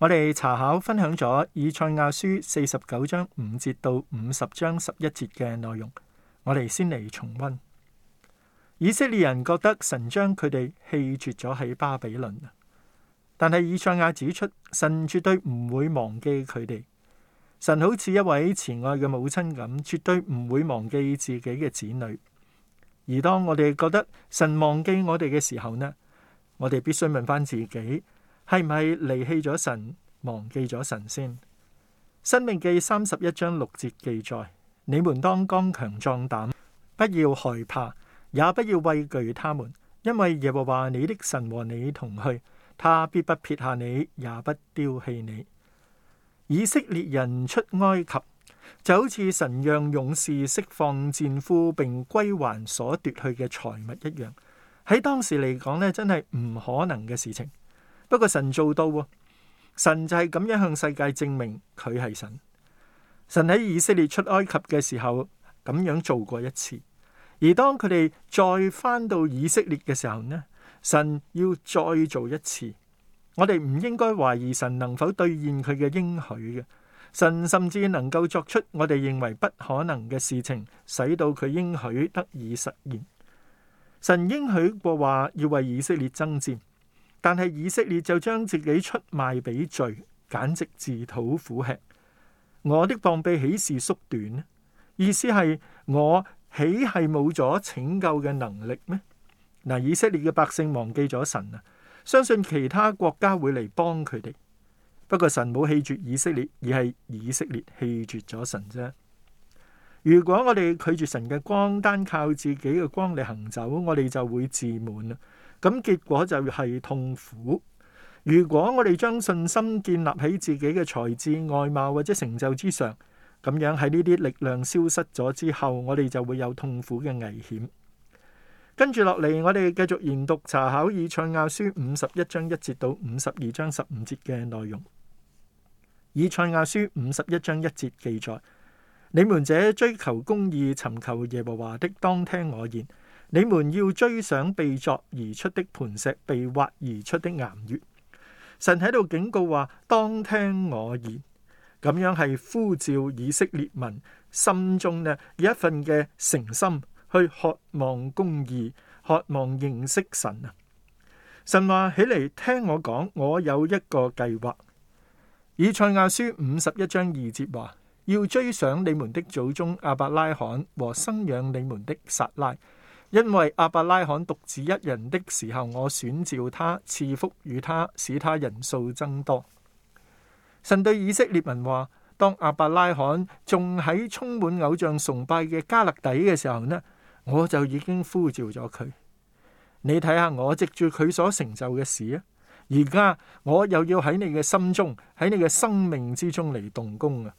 我哋查考分享咗以賽亞書四十九章五節到五十章十一節嘅內容，我哋先嚟重溫。以色列人覺得神將佢哋棄絕咗喺巴比倫，但係以賽亞指出，神絕對唔會忘記佢哋。神好似一位慈愛嘅母親咁，絕對唔會忘記自己嘅子女。而當我哋覺得神忘記我哋嘅時候呢，我哋必須問翻自己。係咪離棄咗神，忘記咗神先？申命記三十一章六節記載：你們當剛強壯膽，不要害怕，也不要畏懼他們，因為耶和華你的神和你同去，他必不撇下你，也不丟棄你。以色列人出埃及，就好似神讓勇士釋放戰俘，並歸還所奪去嘅財物一樣。喺當時嚟講呢真係唔可能嘅事情。不過神做到，神就係咁樣向世界證明佢係神。神喺以色列出埃及嘅時候咁樣做過一次，而當佢哋再返到以色列嘅時候呢，神要再做一次。我哋唔應該懷疑神能否兌現佢嘅應許嘅。神甚至能夠作出我哋認為不可能嘅事情，使到佢應許得以實現。神應許過話要為以色列爭戰。但係以色列就將自己出賣俾罪，簡直自討苦吃。我的膀臂豈是縮短，意思係我豈係冇咗拯救嘅能力咩？嗱，以色列嘅百姓忘記咗神啊，相信其他國家會嚟幫佢哋。不過神冇棄絕以色列，而係以色列棄絕咗神啫。如果我哋拒絕神嘅光，單靠自己嘅光嚟行走，我哋就會自滿。咁結果就係痛苦。如果我哋將信心建立喺自己嘅才智、外貌或者成就之上，咁樣喺呢啲力量消失咗之後，我哋就會有痛苦嘅危險。跟住落嚟，我哋繼續研讀查考以賽亞書五十一章一節到五十二章十五節嘅內容。以賽亞書五十一章一節記載：你們這追求公義、尋求耶和華的，當聽我言。你們要追想被鑿而出的磐石，被挖而出的岩穴。神喺度警告話：，當聽我言，咁樣係呼召以色列民心中咧有一份嘅誠心去渴望公義，渴望認識神啊。神話起嚟，聽我講，我有一個計劃。以賽亞書五十一章二節話：，要追想你們的祖宗亞伯拉罕和生養你們的撒拉。因為亞伯拉罕獨自一人的時候，我選召他，賜福與他，使他人數增多。神對以色列民話：當亞伯拉罕仲喺充滿偶像崇拜嘅迦勒底嘅時候呢，我就已經呼召咗佢。你睇下我藉住佢所成就嘅事啊，而家我又要喺你嘅心中喺你嘅生命之中嚟動工啊。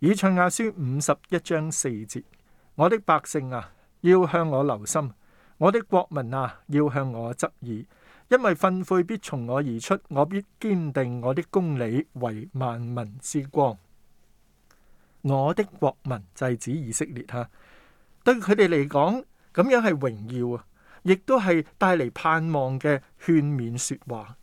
以賽亞書五十一章四節：我的百姓啊！要向我留心，我的國民啊，要向我側耳，因為訓誨必從我而出，我必堅定我的公理，為萬民之光。我的國民，就係指以色列吓，對佢哋嚟講咁樣係榮耀啊，亦都係帶嚟盼望嘅勸勉說話。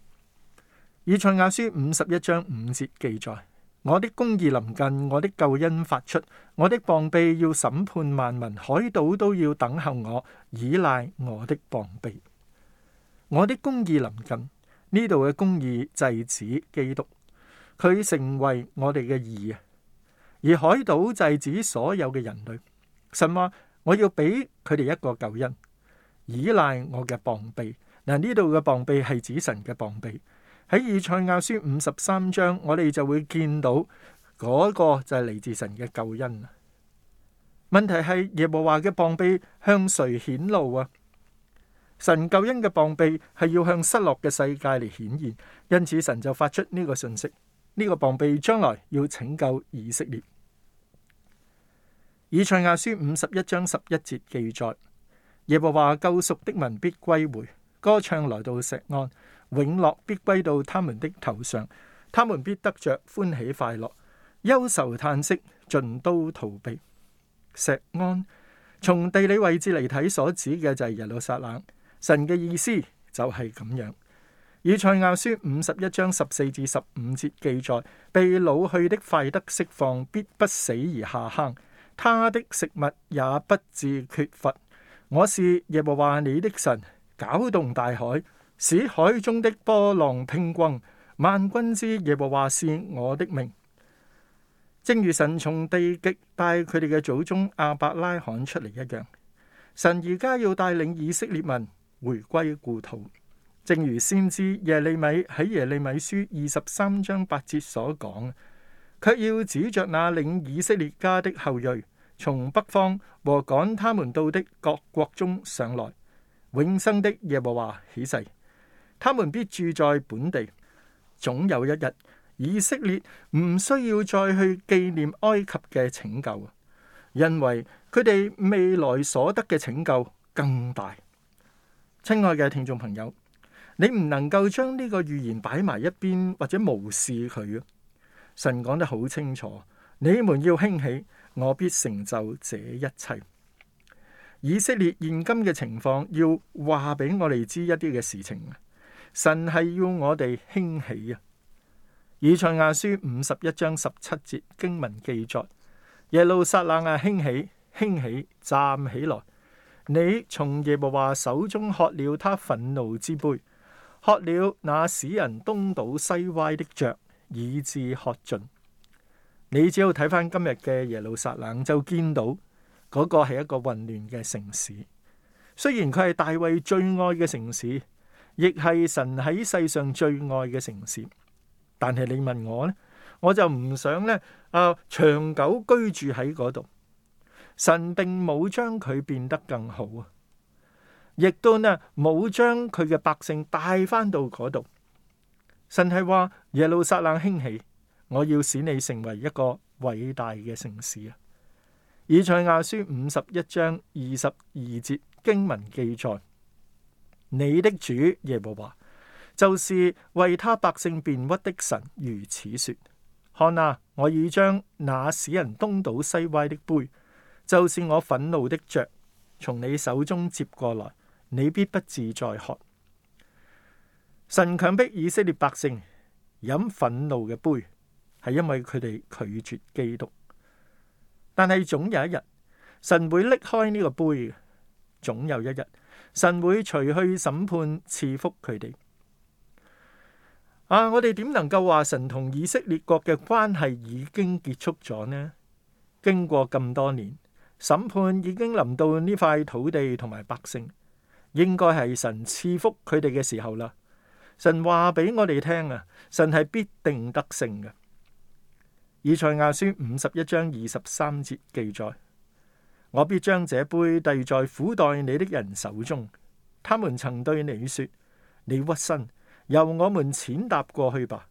以賽亞書五十一章五節記載。.我的公義臨近，我的救恩發出，我的膀臂要審判萬民，海島都要等候我，倚賴我的膀臂。我的公義臨近，呢度嘅公義制止基督，佢成為我哋嘅義啊，而海島制止所有嘅人類。神話我要俾佢哋一個救恩，倚賴我嘅膀臂。嗱，呢度嘅膀臂係指神嘅膀臂。喺以賽亞書五十三章，我哋就會見到嗰、那個就係嚟自神嘅救恩。問題係耶和華嘅膀臂向誰顯露啊？神救恩嘅膀臂係要向失落嘅世界嚟顯現，因此神就發出呢個信息：呢、這個膀臂將來要拯救以色列。以賽亞書五十一章十一節記載：耶和華救贖的民必歸回，歌唱來到錫安。永樂必歸到他們的頭上，他們必得着歡喜快樂，憂愁嘆息盡都逃避。錫安從地理位置嚟睇，所指嘅就係耶路撒冷。神嘅意思就係咁樣。以賽亞書五十一章十四至十五節記載，被擄去的快得釋放，必不死而下坑，他的食物也不至缺乏。我是耶和華你的神，攪動大海，使海中的波浪匉訇，萬軍之耶和華是我的名。正如神從地極帶佢哋嘅祖宗亞伯拉罕出嚟一樣。神而家要帶領以色列民回歸故土，正如先知耶利米喺耶利米書二十三章八節所講，卻要指着那領以色列家的後裔從北方和趕他們到的各國中上來，永生的耶和華起誓。他們必住在本地，總有一日，以色列唔需要再去紀念埃及嘅拯救，因為佢哋未來所得嘅拯救更大。親愛嘅聽眾朋友，你唔能夠將呢個預言擺埋一邊或者無視佢啊！神講得好清楚，你們要興起，我必成就這一切。以色列現今嘅情況，要話俾我哋知一啲嘅事情。神係要我哋興起啊！以賽亞書五十一章十七節經文記載：耶路撒冷啊，興起，興起，站起來！你從耶和華手中喝了他憤怒之杯，喝了那使人東倒西歪的爵，以致喝盡。你只要睇翻今日嘅耶路撒冷就，就見到嗰個係一個混亂嘅城市。雖然佢係大衛最愛嘅城市。亦係神喺世上最愛嘅城市，但係你問我呢，我就唔想咧啊、呃、長久居住喺嗰度。神並冇將佢變得更好啊，亦都呢冇將佢嘅百姓帶翻到嗰度。神係話耶路撒冷興起，我要使你成為一個偉大嘅城市啊。以賽亞書五十一章二十二節經文記載。你的主耶和華，就是為他百姓辯屈的神，如此說：看啊，我已將那使人東倒西歪的杯，就是我憤怒的爵，從你手中接過來，你必不自在喝。神強迫以色列百姓飲憤怒嘅杯，係因為佢哋拒絕基督。但係總有一日，神會拎開呢個杯嘅，總有一日。神會除去審判，賜福佢哋。啊，我哋點能夠話神同以色列國嘅關係已經結束咗呢？經過咁多年，審判已經臨到呢塊土地同埋百姓，應該係神賜福佢哋嘅時候啦。神話俾我哋聽啊，神係必定得勝嘅。以賽亞書五十一章二十三節記載。我必將這杯遞在苦待你的人手中，他們曾對你說：你屈身，由我們踐踏過去吧。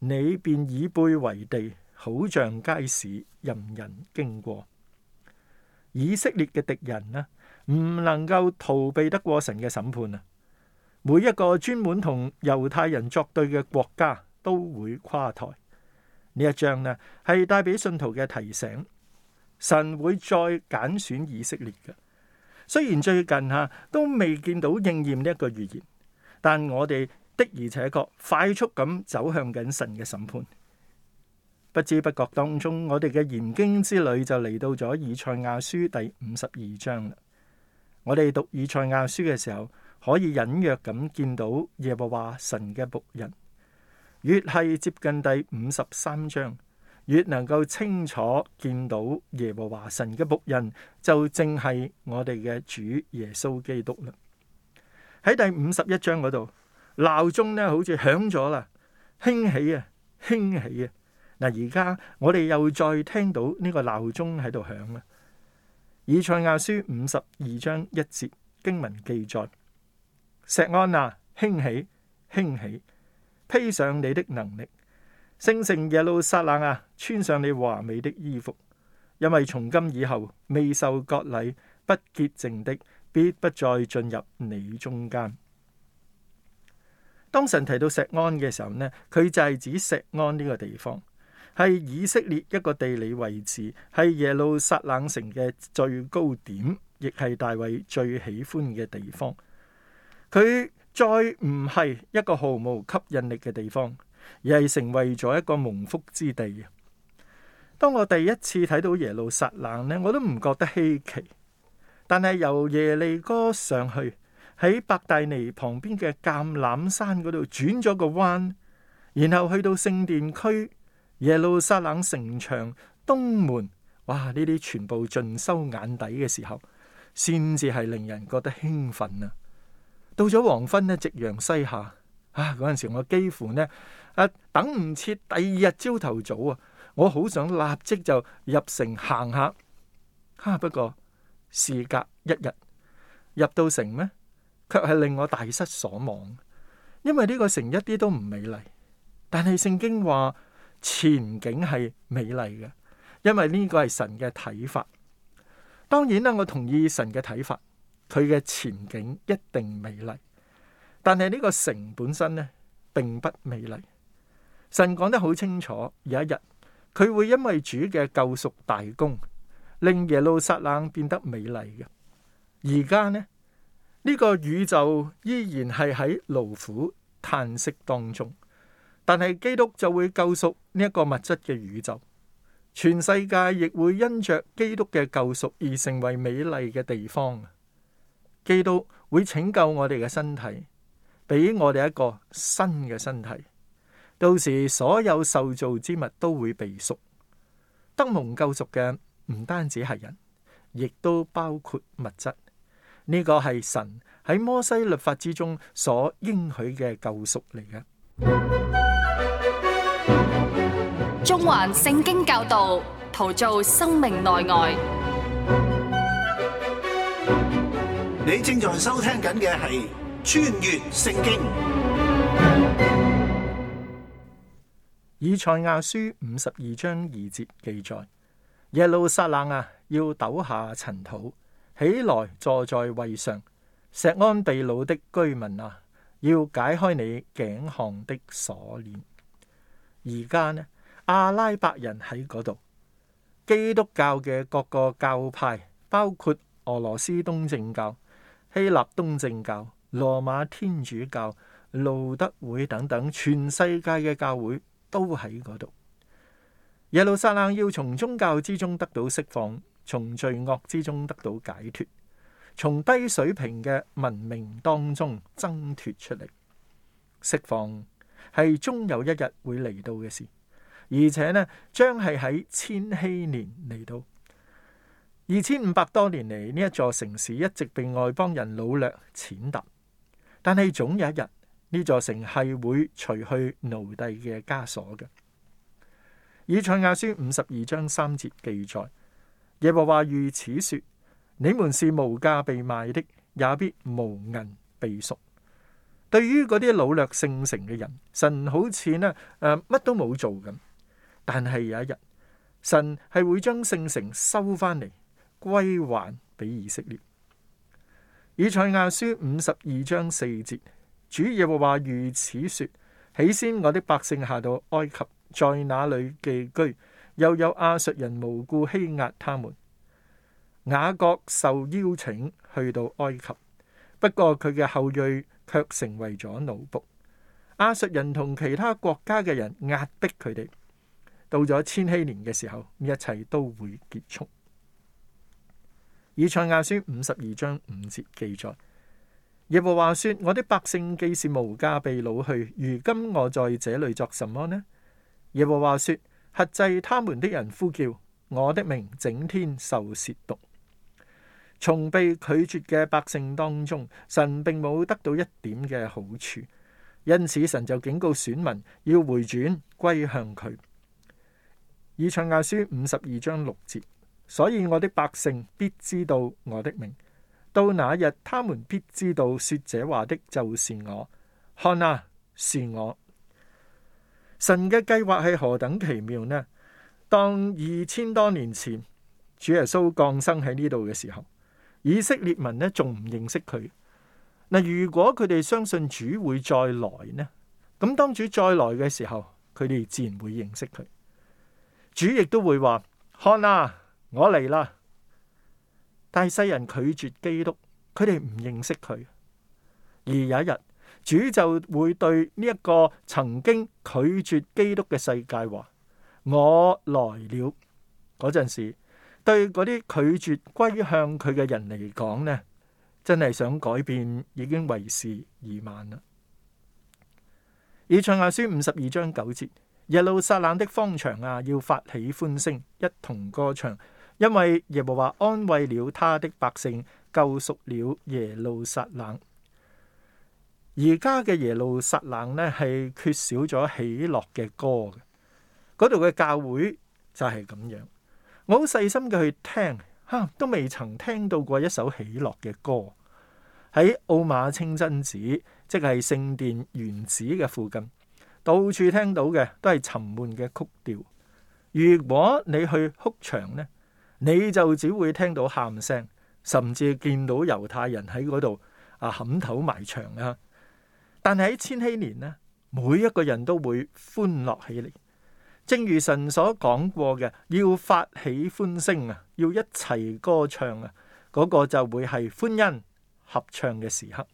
你便以背為地，好像街市，任人經過。以色列嘅敵人呢，唔能夠逃避得過神嘅審判啊！每一個專門同猶太人作對嘅國家都會垮台。呢一章呢係帶俾信徒嘅提醒。神會再揀選以色列嘅，雖然最近吓都未見到應驗呢一個預言，但我哋的而且確快速咁走向緊神嘅審判。不知不覺當中，我哋嘅研經之旅就嚟到咗以賽亞書第五十二章啦。我哋讀以賽亞書嘅時候，可以隱約咁見到耶和華神嘅僕人越係接近第五十三章。越能夠清楚見到耶和華神嘅僕人，就正係我哋嘅主耶穌基督啦。喺第五十一章嗰度，鬧鐘咧好似響咗啦，興起啊，興起啊！嗱，而家我哋又再聽到呢個鬧鐘喺度響啊。以賽亞書五十二章一節經文記載：錫安啊，興起，興起，披上你的能力。聖城耶路撒冷啊，穿上你華美的衣服，因為從今以後，未受割禮、不潔淨的，必不再進入你中間。當神提到錫安嘅時候呢，佢就係指錫安呢個地方，係以色列一個地理位置，係耶路撒冷城嘅最高點，亦係大衛最喜歡嘅地方。佢再唔係一個毫無吸引力嘅地方。而係成為咗一個蒙福之地嘅。當我第一次睇到耶路撒冷咧，我都唔覺得稀奇。但係由耶利哥上去，喺伯大尼旁邊嘅橄欖山嗰度轉咗個彎，然後去到聖殿區，耶路撒冷城牆東門，哇！呢啲全部盡收眼底嘅時候，先至係令人覺得興奮啊！到咗黃昏咧，夕陽西下。啊！嗰陣時我幾乎呢，啊等唔切，第二日朝頭早啊，我好想立即就入城行下。哈、啊！不過事隔一日，入到城咧，卻係令我大失所望。因為呢個城一啲都唔美麗，但係聖經話前景係美麗嘅，因為呢個係神嘅睇法。當然啦，我同意神嘅睇法，佢嘅前景一定美麗。但係呢個城本身呢，並不美麗。神講得好清楚，有一日佢會因為主嘅救贖大功，令耶路撒冷變得美麗嘅。而家呢，呢個宇宙依然係喺勞苦嘆息當中，但係基督就會救贖呢一個物質嘅宇宙，全世界亦會因着基督嘅救贖而成為美麗嘅地方。基督會拯救我哋嘅身體。俾我哋一個新嘅身體，到時所有受造之物都會被贖，得蒙救贖嘅唔單止係人，亦都包括物質。呢個係神喺摩西律法之中所應許嘅救贖嚟嘅。中環聖經教導，陶造生命內外。你正在收聽緊嘅係。穿越聖經。以賽亞書五十二章二節記載：耶路撒冷啊，要抖下塵土，起來坐在位上；錫安被擄的居民啊，要解開你頸項的鎖鏈。而家呢，阿拉伯人喺嗰度，基督教嘅各個教派，包括俄羅斯東正教、希臘東正教。羅馬天主教、路德會等等，全世界嘅教會都喺嗰度。耶路撒冷要從宗教之中得到釋放，從罪惡之中得到解脫，從低水平嘅文明當中掙脫出嚟。釋放係終有一日會嚟到嘅事，而且呢，將係喺千禧年嚟到。二千五百多年嚟，呢一座城市一直被外邦人努力踐踏。但係總有一日，呢座城係會除去奴隸嘅枷鎖嘅。以賽亞書五十二章三節記載：耶和華如此說，你們是無價被賣的，也必無銀被贖。對於嗰啲擄掠聖城嘅人，神好呢、呃、似呢誒乜都冇做咁。但係有一日，神係會將聖城收翻嚟，歸還俾以色列。以賽亞書五十二章四節，主耶和華如此說：起先我的百姓下到埃及，在那裏寄居，又有亞述人無故欺壓他們。雅各受邀請去到埃及，不過佢嘅後裔卻成為咗奴僕。亞述人同其他國家嘅人壓迫佢哋，到咗千禧年嘅時候，一切都會結束。以賽亞書五十二章五節記載：耶和華說，我的百姓既是無價被擄去，如今我在這裏作什麼呢？耶和華說，轄制他們的人呼叫我的名，整天受褻瀆。從被拒絕嘅百姓當中，神並冇得到一點嘅好處，因此神就警告選民要回轉歸向佢。以賽亞書五十二章六節。所以我的百姓必知道我的名，到那日他們必知道說這話的就是我。看啊，是我。神嘅計劃係何等奇妙呢？當二千多年前主耶穌降生喺呢度嘅時候，以色列民呢仲唔認識佢。嗱，如果佢哋相信主會再來呢，咁當主再來嘅時候，佢哋自然會認識佢。主亦都會話：看啊！我嚟啦！但係世人拒絕基督，佢哋唔認識佢。而有一日，主就會對呢一個曾經拒絕基督嘅世界話：我來了。嗰陣時，對嗰啲拒絕歸向佢嘅人嚟講呢，真係想改變已經為時已晚啦。以賽亞書五十二章九節：耶路撒冷的荒場啊，要發起歡聲，一同歌唱。因為耶和華安慰了他的百姓，救贖了耶路撒冷。而家嘅耶路撒冷呢，係缺少咗喜樂嘅歌。嗰度嘅教會就係咁樣。我好細心嘅去聽，吓、啊、都未曾聽到過一首喜樂嘅歌。喺奧馬清真寺，即係聖殿原址嘅附近，到處聽到嘅都係沉悶嘅曲調。如果你去哭牆呢，你就只會聽到喊聲，甚至見到猶太人喺嗰度啊，撼頭埋牆啊！但係喺千禧年呢，每一個人都會歡樂起嚟，正如神所講過嘅，要發起歡聲啊，要一齊歌唱啊，嗰個就會係歡欣合唱嘅時刻。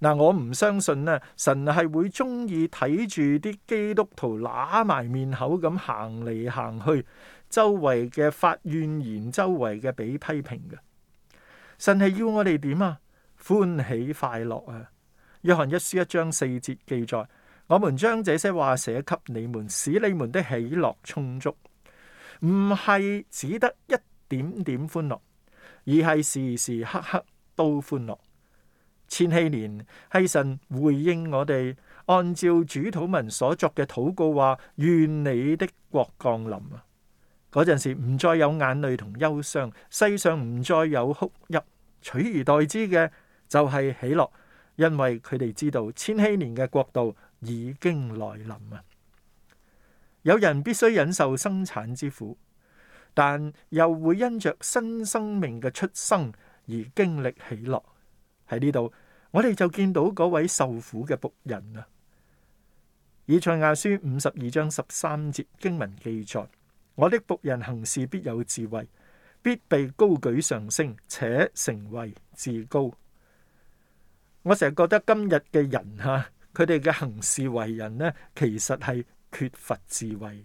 嗱，我唔相信呢，神係會中意睇住啲基督徒揦埋面口咁行嚟行去。周圍嘅發怨言，周圍嘅被批評嘅，神係要我哋點啊？歡喜快樂啊！約翰一書一章四節記載：我們將這些話寫給你們，使你們的喜樂充足，唔係只得一點點歡樂，而係時時刻刻都歡樂。千禧年係神回應我哋，按照主禱文所作嘅禱告話，話願你的國降臨啊！嗰陣時唔再有眼淚同憂傷，世上唔再有哭泣，取而代之嘅就係喜樂，因為佢哋知道千禧年嘅國度已經來臨啊！有人必須忍受生產之苦，但又會因着新生命嘅出生而經歷喜樂。喺呢度，我哋就見到嗰位受苦嘅僕人啊，《以賽亞書》五十二章十三節經文記載。我的僕人行事必有智慧，必被高舉上升，且成為至高。我成日覺得今日嘅人吓，佢哋嘅行事為人呢，其實係缺乏智慧。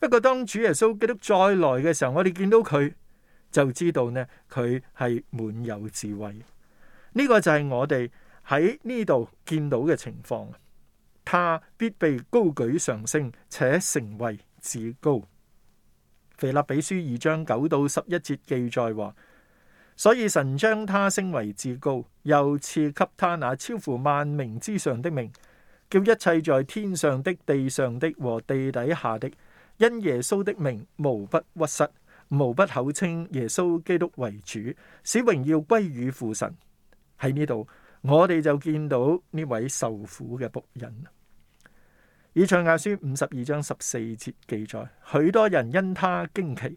不過當主耶穌基督再來嘅時候，我哋見到佢就知道呢，佢係滿有智慧。呢、這個就係我哋喺呢度見到嘅情況。他必被高舉上升，且成為至高。腓立比書二章九到十一節記載話，所以神將他升為至高，又賜給他那超乎萬名之上的名，叫一切在天上的、地上的和地底下的，因耶穌的名，無不屈膝，無不口稱耶穌基督為主，使榮耀歸與父神。喺呢度，我哋就見到呢位受苦嘅僕人。以賽亞書五十二章十四節記載，許多人因他驚奇，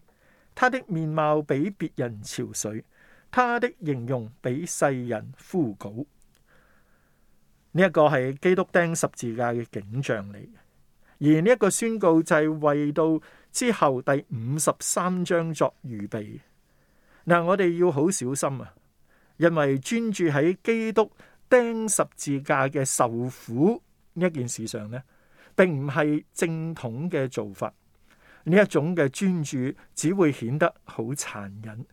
他的面貌比別人憔悴，他的形容比世人枯槁。呢一個係基督釘十字架嘅景象嚟，而呢一個宣告就係為到之後第五十三章作預備。嗱，我哋要好小心啊，因為專注喺基督釘十字架嘅受苦呢件事上呢。並唔係正統嘅做法，呢一種嘅專注只會顯得好殘忍。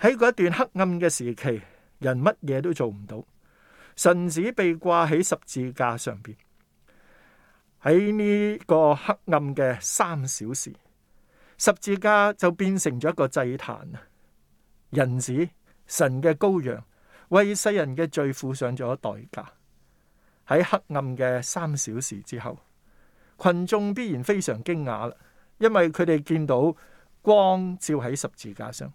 喺嗰一段黑暗嘅時期，人乜嘢都做唔到，神子被掛喺十字架上邊。喺呢個黑暗嘅三小時，十字架就變成咗一個祭壇，人子、神嘅羔羊，為世人嘅罪付上咗代價。喺黑暗嘅三小時之後，群眾必然非常驚訝啦，因為佢哋見到光照喺十字架上，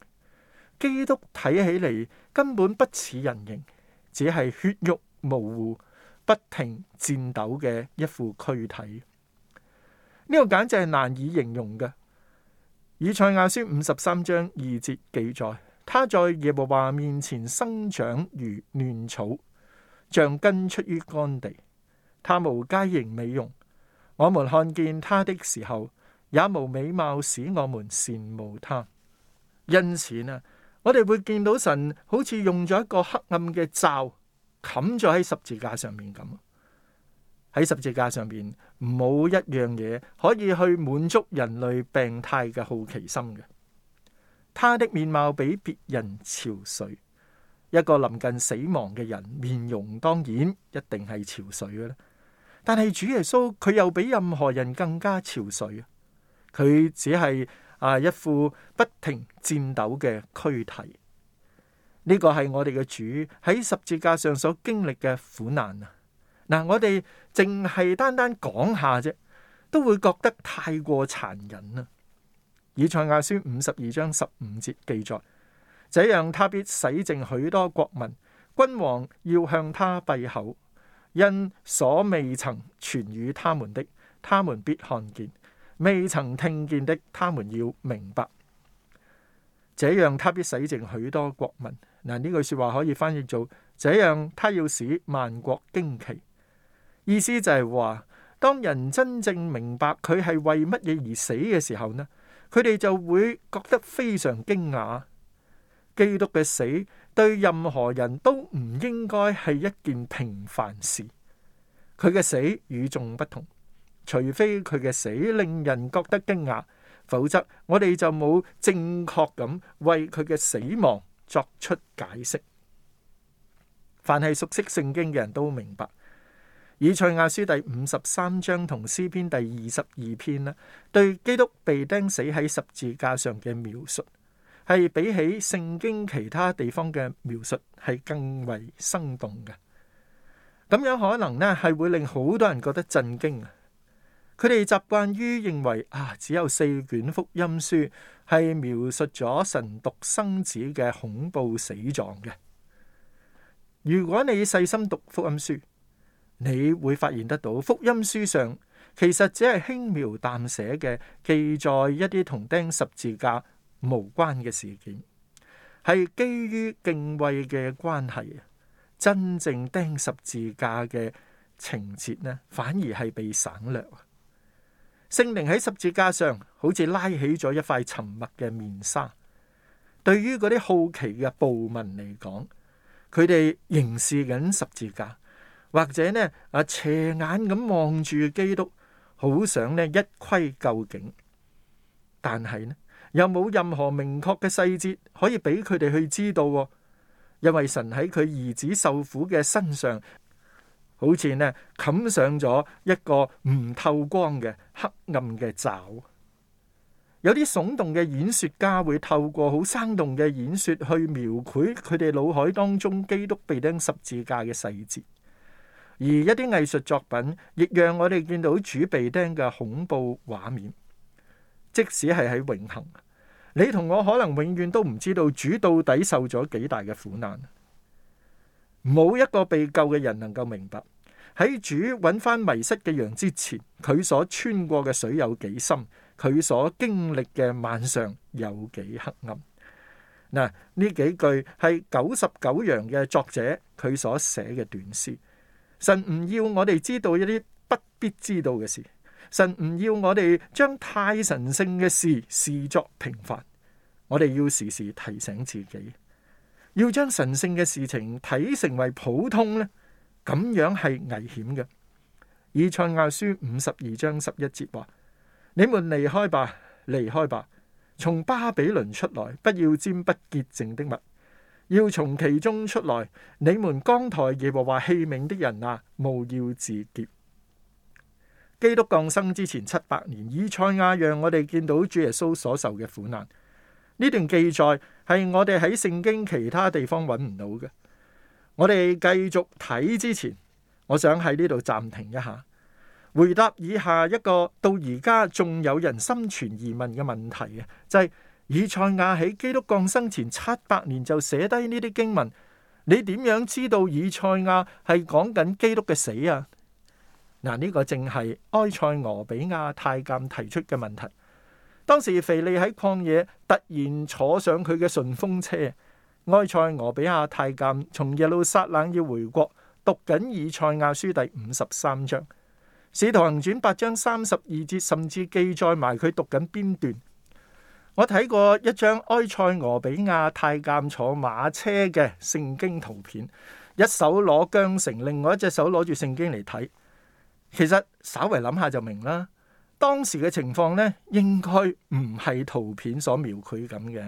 基督睇起嚟根本不似人形，只係血肉模糊，不停顫抖嘅一副軀體。呢、這個簡直係難以形容嘅。以賽亞書五十三章二節記載：他在耶和華面前生長如嫩草，像根出於乾地，他無佳形美容。我們看見他的時候，也無美貌使我們羨慕他。因此啊，我哋會見到神好似用咗一個黑暗嘅罩，冚咗喺十字架上面咁。喺十字架上面，冇一樣嘢可以去滿足人類病態嘅好奇心嘅。他的面貌比別人憔悴。一個臨近死亡嘅人，面容當然一定係憔悴嘅咧。但係主耶穌佢又比任何人更加憔悴，佢只係啊一副不停顫抖嘅軀體。呢、這個係我哋嘅主喺十字架上所經歷嘅苦難啊！嗱，我哋淨係單單講下啫，都會覺得太過殘忍啦。以賽亞書五十二章十五節記載：這樣他必洗淨許多國民，君王要向他閉口。因所未曾傳與他們的，他們必看見；未曾聽見的，他們要明白。這樣他必洗淨許多國民。嗱，呢句說話可以翻譯做：這樣他要使萬國驚奇。意思就係話，當人真正明白佢係為乜嘢而死嘅時候呢，佢哋就會覺得非常驚訝。基督嘅死。對任何人都唔應該係一件平凡事，佢嘅死與眾不同。除非佢嘅死令人覺得驚訝，否則我哋就冇正確咁為佢嘅死亡作出解釋。凡係熟悉聖經嘅人都明白，以賽亞書第五十三章同詩篇第二十二篇咧，對基督被釘死喺十字架上嘅描述，係比起聖經其他地方嘅描述，係更為生動嘅。咁樣可能呢，係會令好多人覺得震驚啊！佢哋習慣於認為啊，只有四卷福音書係描述咗神獨生子嘅恐怖死狀嘅。如果你細心讀福音書，你會發現得到福音書上其實只係輕描淡寫嘅記載一啲銅釘十字架，無關嘅事件係基於敬畏嘅關係，真正釘十字架嘅情節呢，反而係被省略啊。聖靈喺十字架上好似拉起咗一塊沉默嘅面紗，對於嗰啲好奇嘅暴民嚟講，佢哋凝視緊十字架，或者呢啊斜眼咁望住基督，好想呢一窺究竟，但係呢，又冇任何明確嘅細節可以俾佢哋去知道。哦，因為神喺佢兒子受苦嘅身上，好似呢冚上咗一個唔透光嘅黑暗嘅罩。有啲聳動嘅演說家會透過好生動嘅演說去描繪佢哋腦海當中基督被釘十字架嘅細節，而一啲藝術作品亦讓我哋見到主被釘嘅恐怖畫面，即使係喺永恒。你同我可能永遠都唔知道主到底受咗幾大嘅苦難，冇一個被救嘅人能夠明白喺主揾翻迷失嘅羊之前，佢所穿過嘅水有幾深，佢所經歷嘅晚上有幾黑暗。嗱，呢幾句係九十九羊嘅作者佢所寫嘅短詩。神唔要我哋知道一啲不必知道嘅事。神唔要我哋將太神聖嘅事視作平凡，我哋要時時提醒自己，要將神聖嘅事情睇成為普通呢咁樣係危險嘅。以賽亞書五十二章十一節話：你們離開吧，離開吧，從巴比倫出來，不要沾不潔淨的物，要從其中出來。你們扛抬耶和華器皿的人啊，務要自潔。基督降生之前七百年，以賽亞讓我哋見到主耶穌所受嘅苦難。呢段記載係我哋喺聖經其他地方揾唔到嘅。我哋繼續睇之前，我想喺呢度暫停一下，回答以下一個到而家仲有人心存疑問嘅問題嘅，就係以賽亞喺基督降生前七百年就寫低呢啲經文，你點樣知道以賽亞係講緊基督嘅死啊？嗱，呢個正係埃塞俄比亞太監提出嘅問題。當時腓利喺曠野突然坐上佢嘅順風車，埃塞俄比亞太監從耶路撒冷要回國，讀緊以賽亞書第五十三章，《使徒行傳》八章三十二節，甚至記載埋佢讀緊邊段。我睇過一張埃塞俄比亞太監坐馬車嘅聖經圖片，一手攞韁繩，另外一隻手攞住聖經嚟睇。其實稍微諗下就明啦，當時嘅情況呢，應該唔係圖片所描繪咁嘅。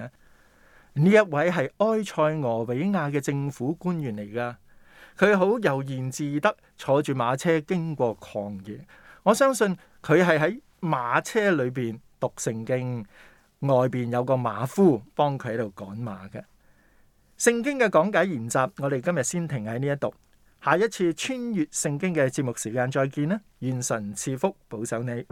呢一位係埃塞俄比亞嘅政府官員嚟㗎，佢好悠然自得坐住馬車經過曠野。我相信佢係喺馬車裏邊讀聖經，外邊有個馬夫幫佢喺度趕馬嘅。聖經嘅講解研習，我哋今日先停喺呢一度。下一次穿越聖經嘅節目時間再見啦！願神賜福保守你。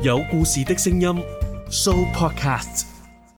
有故事的聲音，Sooo Podcast。